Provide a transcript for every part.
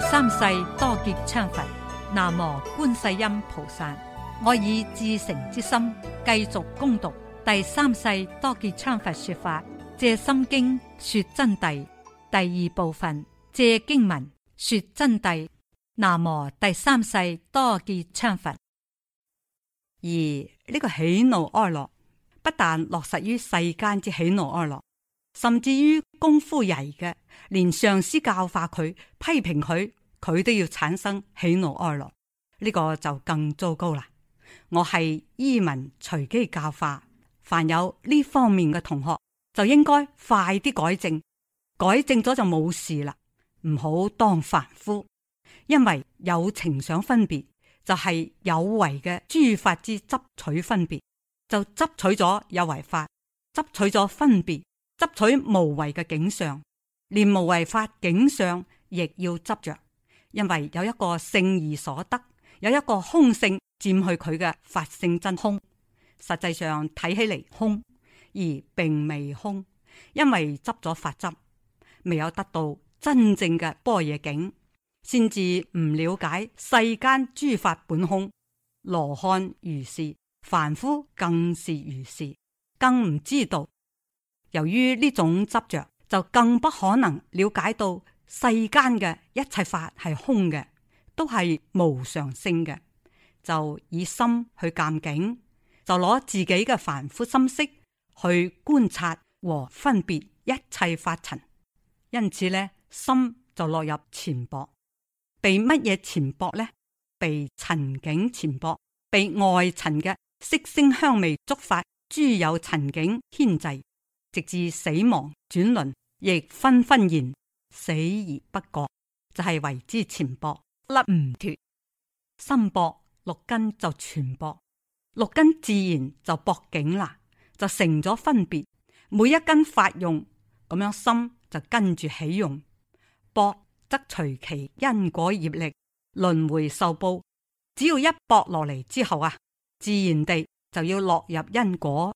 第三世多杰羌佛，南無觀世音菩薩。我以至誠之心繼續攻讀第三世多杰羌佛說法，借心經說真諦，第二部分借經文說真諦。南無第三世多杰羌佛。而呢個喜怒哀樂，不但落實於世間之喜怒哀樂，甚至於功夫人嘅，連上司教化佢批評佢。佢都要產生喜怒哀樂，呢、這個就更糟糕啦。我係依文隨機教化，凡有呢方面嘅同學就應該快啲改正，改正咗就冇事啦。唔好當凡夫，因為有情想分別就係、是、有為嘅諸法之執取分別，就執取咗有為法，執取咗分別，執取無為嘅景象，連無為法景象亦要執着。因為有一個勝義所得，有一個空性占去佢嘅法性真空，實際上睇起嚟空而並未空，因為執咗法執，未有得到真正嘅般若境，先至唔了解世間諸法本空，羅漢如是，凡夫更是如是，更唔知道。由於呢種執着，就更不可能了解到。世間嘅一切法係空嘅，都係無常性嘅，就以心去鑑境，就攞自己嘅凡夫心識去觀察和分別一切法塵。因此呢，心就落入纏縛，被乜嘢纏縛呢？被塵境纏縛，被外塵嘅色聲香味觸法諸有塵境牽制，直至死亡轉輪亦紛紛然。死而不覺就係、是、為之前薄，甩唔脫心薄六根就全薄，六根自然就薄境啦，就成咗分別。每一根發用咁樣，心就跟住起用，薄則隨其因果業力輪回受報。只要一薄落嚟之後啊，自然地就要落入因果，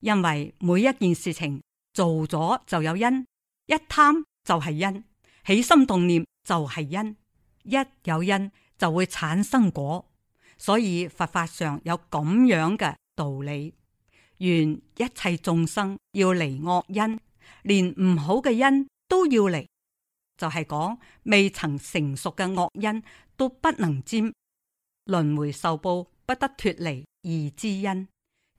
因為每一件事情做咗就有因，一貪。就係因，起心動念就係因，一有因就會產生果，所以佛法上有咁樣嘅道理。願一切眾生要離惡因，連唔好嘅因都要離，就係、是、講未曾成熟嘅惡因都不能沾，輪回受報不得脫離而知因。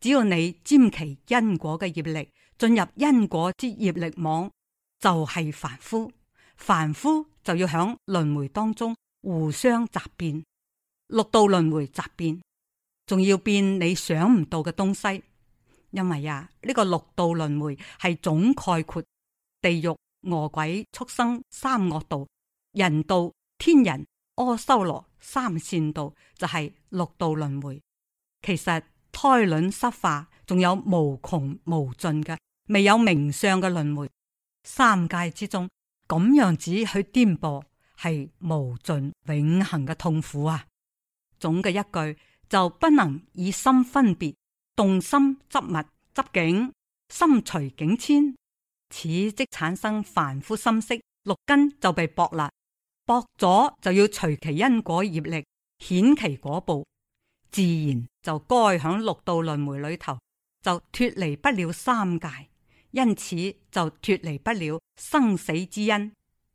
只要你沾其因果嘅業力，進入因果之業力網。就係凡夫，凡夫就要響輪迴當中互相雜變，六道輪迴雜變，仲要變你想唔到嘅東西。因為呀，呢、這個六道輪迴係總概括地獄、餓鬼、畜生三惡道，人道、天人、阿修羅三善道，就係、是、六道輪迴。其實胎卵濕化仲有無窮無盡嘅未有名相嘅輪迴。三界之中咁樣子去顛簸，係無盡永恒嘅痛苦啊！總嘅一句就不能以心分別，動心執物執境，心隨境遷，此即產生凡夫心識，六根就被縛啦，縛咗就要隨其因果業力顯其果報，自然就該響六道輪迴裏頭，就脫離不了三界。因此就脫離不了生死之因，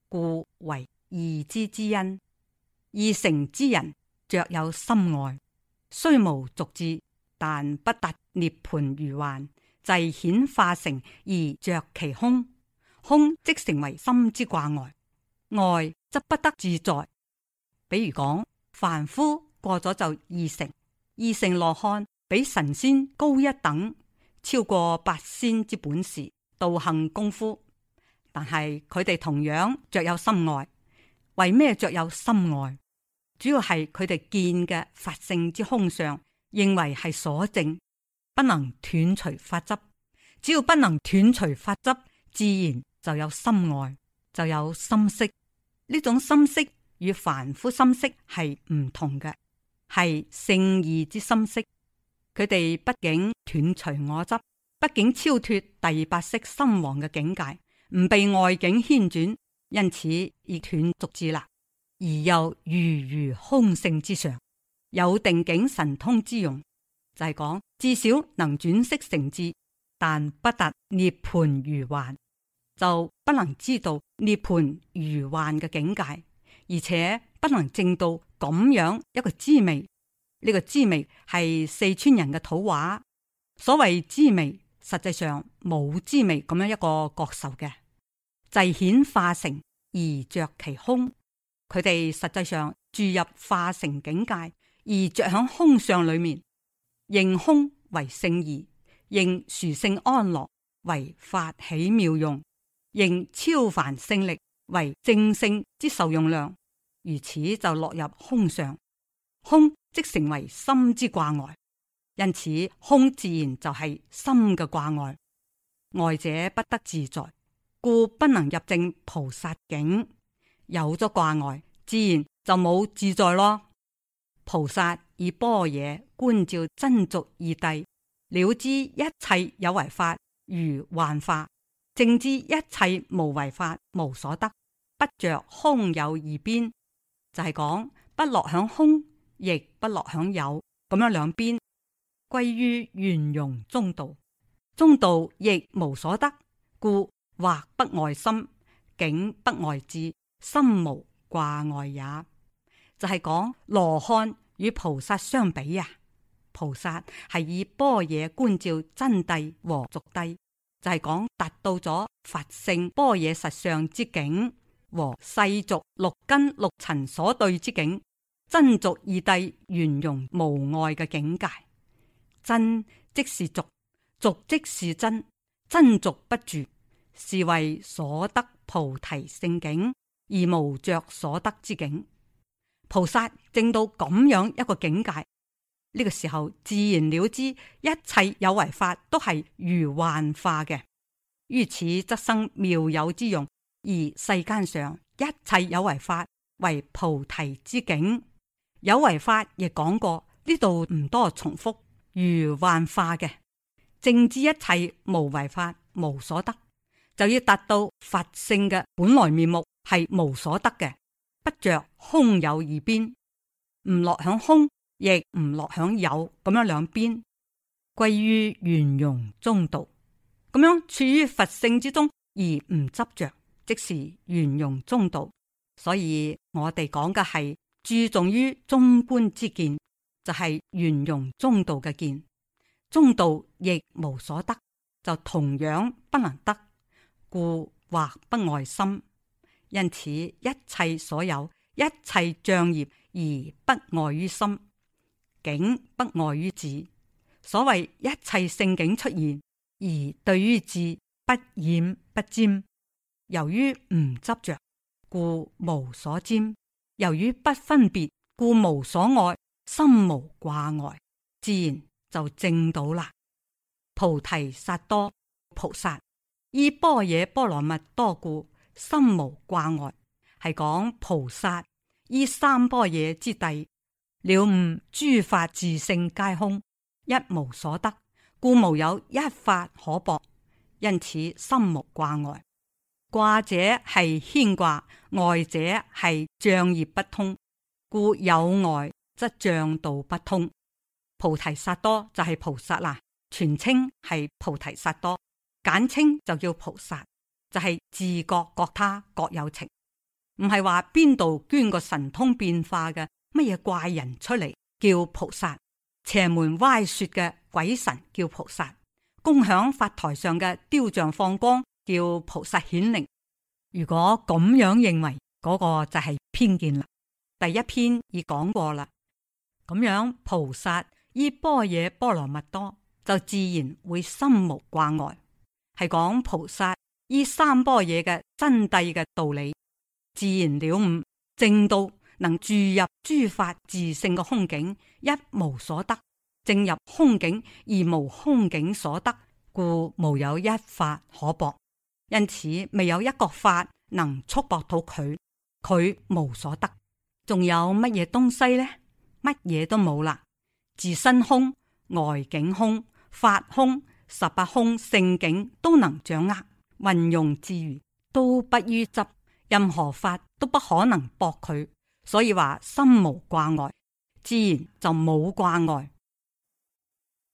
故為二乘之之因。二乘之人着有心外，雖無俗志，但不達涅槃如幻，寂顯化成而着其空，空即成為心之掛礙，礙則不得自在。比如講凡夫過咗就二乘，二乘羅漢比神仙高一等。超過八仙之本事、道行功夫，但係佢哋同樣着有心愛。為咩着有心愛？主要係佢哋見嘅法性之空相，認為係所證，不能斷除法執。只要不能斷除法執，自然就有心愛，就有心識。呢種心識與凡夫心識係唔同嘅，係聖義之心識。佢哋畢竟。斷除我執，畢竟超脫第八識心王嘅境界，唔被外境牽轉，因此而斷俗志啦。而又如如空性之常，有定境神通之用，就係、是、講至少能轉色成智，但不達涅槃如幻，就不能知道涅槃如幻嘅境界，而且不能證到咁樣一個滋味。呢、這個滋味係四川人嘅土話。所謂滋味，實際上冇滋味咁樣一個覺受嘅，寂顯化成而着其空。佢哋實際上注入化成境界，而着響空相裏面，認空為聖義，認殊勝安樂為法起妙用，認超凡勝力為正勝之受用量。如此就落入空相，空即成為心之掛礙。因此，空自然就係心嘅掛礙，外者不得自在，故不能入正菩薩境。有咗掛礙，自然就冇自在咯。菩薩以般若觀照真俗二諦，了知一切有為法如幻化，正知一切無為法無所得，不着空有二邊，就係、是、講不落響空，亦不落響有咁樣兩邊。歸於圓融中道，中道亦無所得，故惑不外心，境不外智，心無掛礙也。就係講羅漢與菩薩相比啊，菩薩係以般若觀照真諦和俗諦，就係、是、講達到咗佛性般若實相之境和世俗六根六塵所對之境真俗二諦圓融無礙嘅境界。真即是俗，俗即是真，真俗不絕，是為所得菩提聖境，而無着所得之境。菩薩證到咁樣一個境界，呢個時候自然了知一切有為法都係如幻化嘅，於此則生妙有之用，而世間上一切有為法為菩提之境。有為法亦講過，呢度唔多重複。如幻化嘅，政治一切無為法無所得，就要達到佛性嘅本來面目係無所得嘅，不着空有二邊，唔落響空，亦唔落響有，咁樣兩邊歸於圓融中道，咁樣處於佛性之中而唔執着，即是圓融中道。所以我哋講嘅係注重於中觀之見。就係圓融中道嘅見，中道亦無所得，就同樣不能得，故或不礙心。因此一切所有、一切障業而不礙於心，境不礙於智。所謂一切聖境出現，而對於智不染不沾。由於唔執着，故無所占；由於不分別，故無所愛。心無掛礙，自然就正到啦。菩提薩多菩薩依般若波羅蜜多故，心無掛礙，係講菩薩依三般若之諦，了悟諸法自性皆空，一無所得，故無有一法可搏，因此心無掛礙。掛者係牽掛，礙者係障業不通，故有礙。得障道不通，菩提薩多就係菩薩啦。全稱係菩提薩多，簡稱就叫菩薩，就係自覺覺他，各有情，唔係話邊度捐個神通變化嘅乜嘢怪人出嚟叫菩薩，邪門歪說嘅鬼神叫菩薩，供響法台上嘅雕像放光叫菩薩顯靈。如果咁樣認為，嗰、那個就係偏見啦。第一篇已講過啦。咁樣，菩薩依般若波羅蜜多就自然會心無掛礙，係講菩薩依三般若嘅真諦嘅道理，自然了悟正道，能住入諸法自性嘅空境，一無所得；正入空境而無空境所得，故無有一法可博，因此未有一個法能束縛到佢，佢無所得。仲有乜嘢東西呢？乜嘢都冇啦，自身空、外境空、法空、十八空、聖境都能掌握、運用自如，都不於執，任何法都不可能駁佢，所以話心無掛礙，自然就冇掛礙。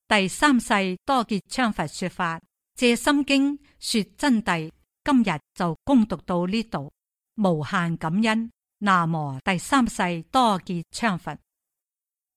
第三世多杰羌佛說法，借心經說真諦，今日就恭讀到呢度，無限感恩。南無第三世多杰羌佛。